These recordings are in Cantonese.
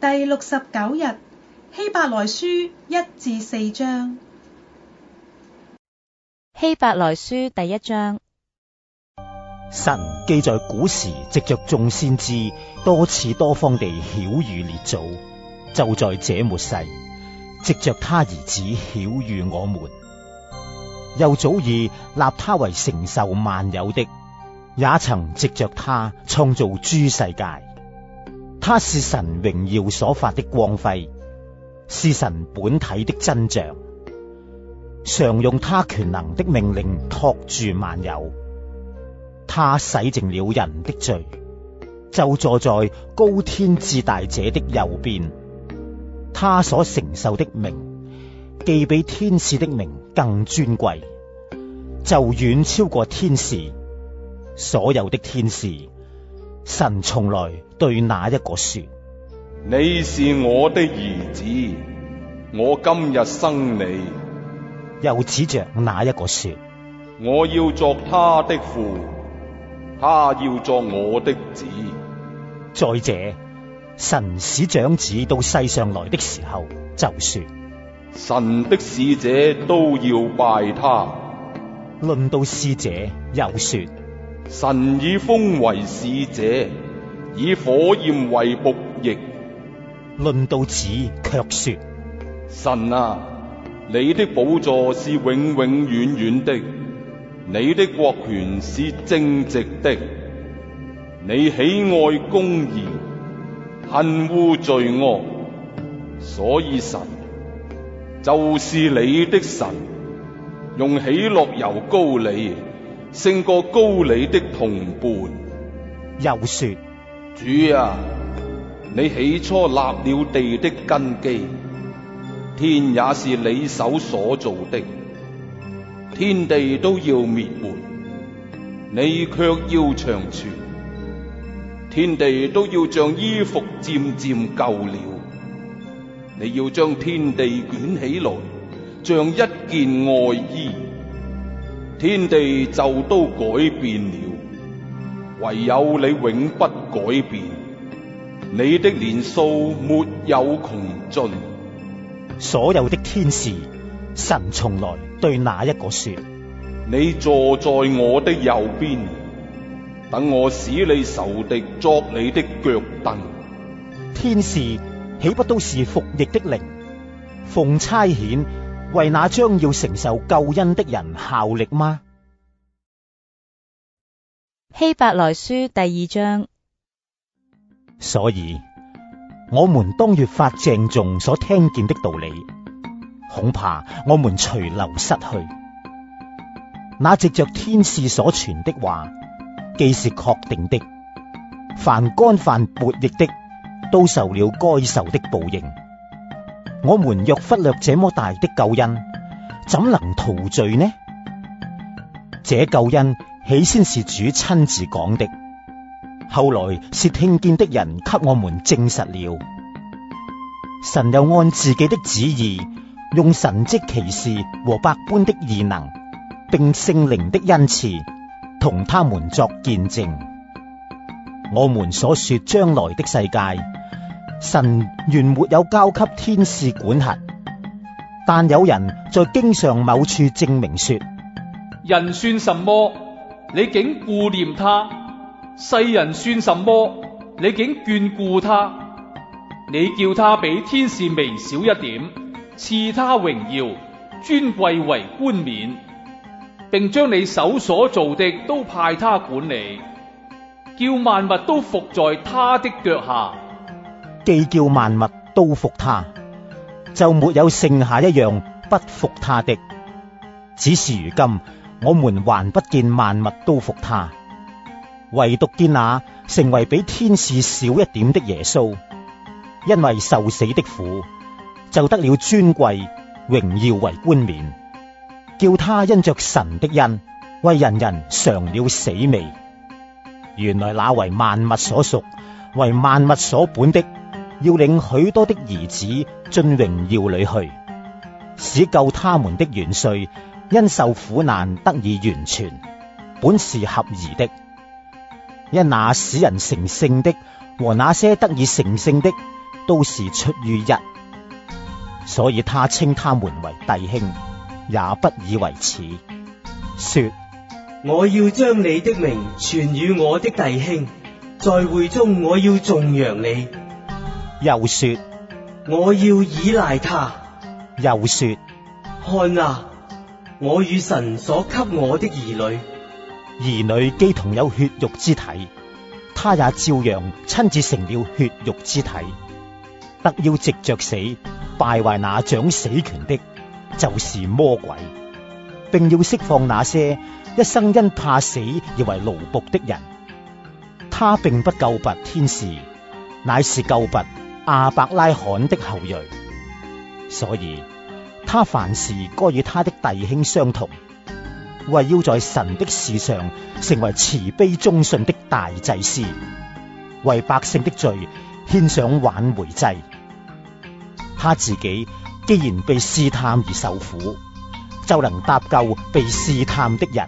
第六十九日，希伯來書一至四章。希伯來書第一章。神既在古時藉着眾先知多次多方地曉諭列祖，就在這末世藉著他兒子曉諭我們。又早已立他為承受萬有的，也曾藉著他創造諸世界。他是神榮耀所發的光輝，是神本體的真像，常用他權能的命令托住萬有。他洗淨了人的罪，就坐在高天至大者的右邊。他所承受的名，既比天使的名更尊貴，就遠超過天使，所有的天使。神從來對哪一個說：你是我的兒子，我今日生你。又指着哪一個說：我要作他的父，他要作我的子。再者，神使長子到世上來的時候，就說：神的使者都要拜他。論到使者又說。神以風為使者，以火焰為僕役。論到此，卻說：神啊，你的寶座是永永遠遠的，你的國權是正直的。你喜愛公義，恨污罪惡，所以神就是你的神，用喜樂油膏你。勝過高里的同伴，又說：主啊，你起初立了地的根基，天也是你手所造的，天地都要滅沒，你卻要長存。天地都要像衣服漸漸舊了，你要將天地捲起來，像一件外衣。天地就都改變了，唯有你永不改變。你的年數沒有窮盡。所有的天使，神從來對哪一個說：你坐在我的右邊，等我使你仇敵作你的腳凳。天使豈不都是服役的靈，奉差遣？為那將要承受救恩的人效力嗎？希伯來書第二章。所以，我們當越發鄭重所聽見的道理，恐怕我們隨流失去。那藉着天使所傳的話，既是確定的，凡干犯悖逆的，都受了該受的報應。我們若忽略這麼大的救恩，怎能逃罪呢？這救恩起先是主親自講的，後來是聽見的人給我們證實了。神又按自己的旨意，用神跡奇事和百般的異能，並聖靈的恩賜，同他們作見證。我們所說將來的世界。神原沒有交給天使管轄，但有人在經上某處證明說：人算什麼，你竟顧念他；世人算什麼，你竟眷顧他？你叫他比天使微小一點，賜他榮耀、尊貴為冠冕，並將你手所做的所造的都派他管理，叫萬物都服在他的腳下。既叫萬物都服他，就沒有剩下一樣不服他的。只是如今我們還不見萬物都服他，唯獨見那成為比天使少一點的耶穌，因為受死的苦，就得了尊貴榮耀為冠冕，叫他因着神的恩為人人嘗了死味。原來那為萬物所屬、為萬物所本的。要領許多的兒子進榮耀裏去，使救他們的元帥因受苦難得以完全，本是合宜的。因那使人成聖的和那些得以成聖的都是出於一，所以他稱他們為弟兄，也不以為恥。說，我要將你的名傳與我的弟兄，在會中我要頌揚你。又說，我要依賴他。又說，看啊，我與神所給我的兒女，兒女既同有血肉之體，他也照樣親自成了血肉之體。特要藉着死敗壞那掌死權的，就是魔鬼，並要釋放那些一生因怕死而為奴僕的人。他並不救拔天使，乃是救拔。阿伯拉罕的後裔，所以他凡事該與他的弟兄相同，為要在神的事上成為慈悲忠信的大祭司，為百姓的罪獻上挽回祭。他自己既然被試探而受苦，就能搭救被試探的人。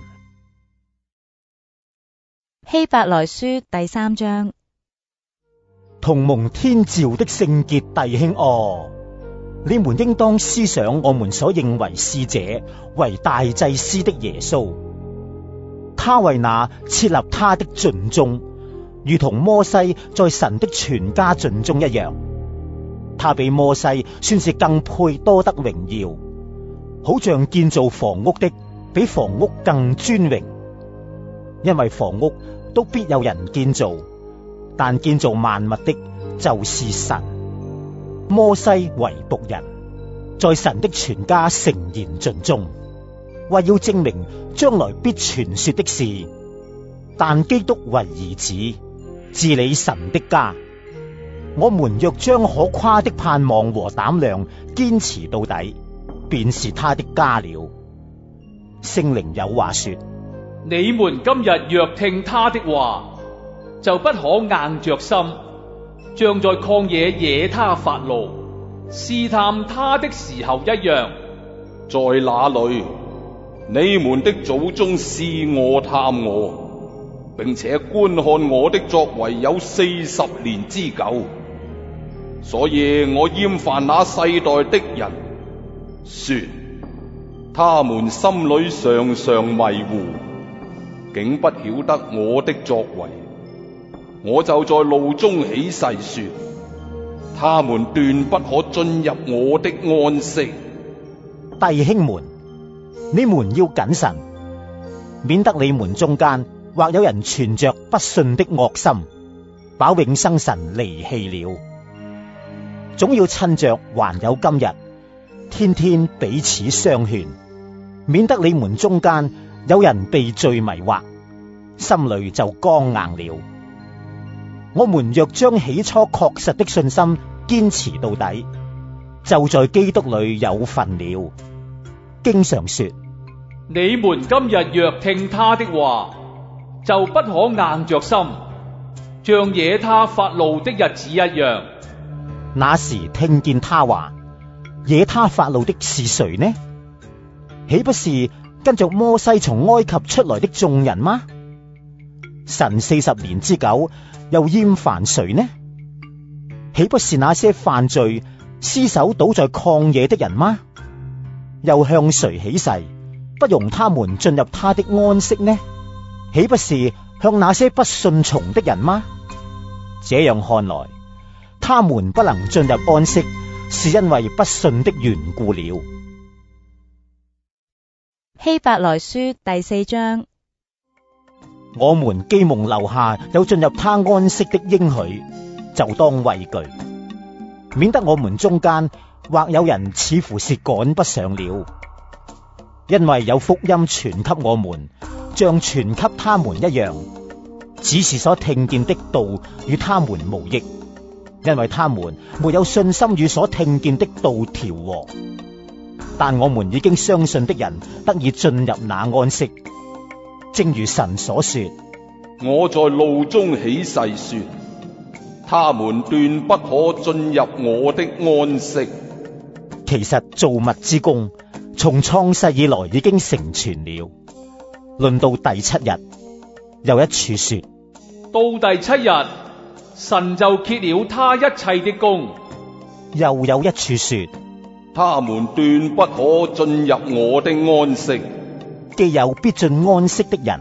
希伯來書第三章。同蒙天照的聖潔弟兄哦，你們應當思想我們所認為使者為大祭司的耶穌，他為那設立他的盡忠，如同摩西在神的全家盡忠一樣。他比摩西算是更配多得榮耀，好像建造房屋的比房屋更尊榮，因為房屋都必有人建造。但建造萬物的就是神。摩西為僕人，在神的全家誠然盡忠，為要證明將來必傳說的事。但基督為兒子，治理神的家。我們若將可誇的盼望和膽量堅持到底，便是他的家了。聖靈有話說：你們今日若聽他的話，就不可硬着心，像在曠野惹他發怒、試探他的時候一樣。在那裏，你們的祖宗試我探我，並且觀看我的作為有四十年之久，所以我厭煩那世代的人，說，他們心裏常常迷糊，竟不曉得我的作為。我就在路中起誓說：他們斷不可進入我的安息。弟兄們，你們要謹慎，免得你們中間或有人存着不信的惡心，把永生神離棄了。總要趁着還有今日，天天彼此相勸，免得你們中間有人被罪迷惑，心裏就剛硬了。我們若將起初確實的信心堅持到底，就在基督裏有份了。經上說，你們今日若聽他的話，就不可硬着心，像惹他發怒的日子一樣。那時聽見他話，惹他發怒的是誰呢？豈不是跟著摩西從埃及出來的眾人嗎？神四十年之久，又厭煩誰呢？豈不是那些犯罪、屍首倒在曠野的人嗎？又向誰起誓，不容他們進入他的安息呢？豈不是向那些不信從的人嗎？這樣看來，他們不能進入安息，是因為不信的緣故了。希伯來書第四章。我們既蒙留下有進入他安息的應許，就當畏懼，免得我們中間或有人似乎是趕不上了。因為有福音傳給我們，像傳給他們一樣。只是所聽見的道與他們無益，因為他們沒有信心與所聽見的道調和。但我們已經相信的人得以進入那安息。正如神所說，我在路中起誓說，他們斷不可進入我的安息。其實造物之工，從創世以來已經成全了。論到第七日，又一處說，到第七日，神就揭了他一切的工。又有一處說，他們斷不可進入我的安息。既有必進安息的人，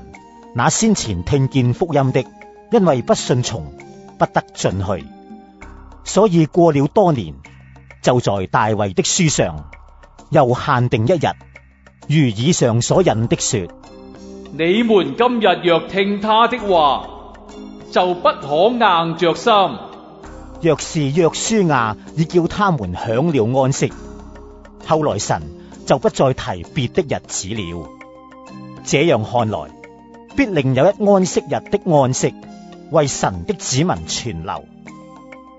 那先前聽見福音的，因為不信從，不得進去。所以過了多年，就在大衛的書上又限定一日，如以上所引的說：你們今日若聽他的話，就不可硬着心。若是約書亞，已叫他們享了安息，後來神就不再提別的日子了。這樣看來，必另有一安息日的安息為神的子民存留，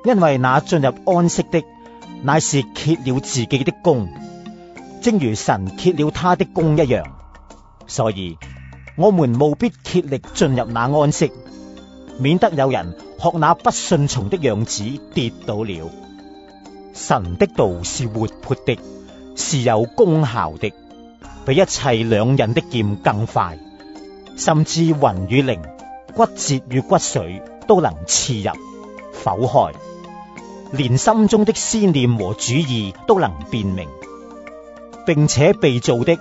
因為那進入安息的，乃是歇了自己的工，正如神歇了他的工一樣。所以，我們務必竭力進入那安息，免得有人學那不順從的樣子跌倒了。神的道是活潑的，是有功效的。比一切兩刃的劍更快，甚至魂與靈、骨節與骨髓都能刺入、剖開，連心中的思念和主意都能辨明並且被造的，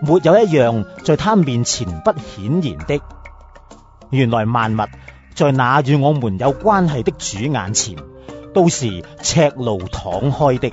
沒有一樣在他面前不顯然的。原來萬物在那與我們有關係的主眼前，都是赤露敞開的。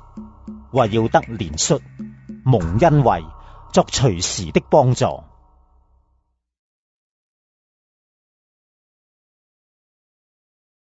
為要得憐恤，蒙恩惠，作隨時的幫助。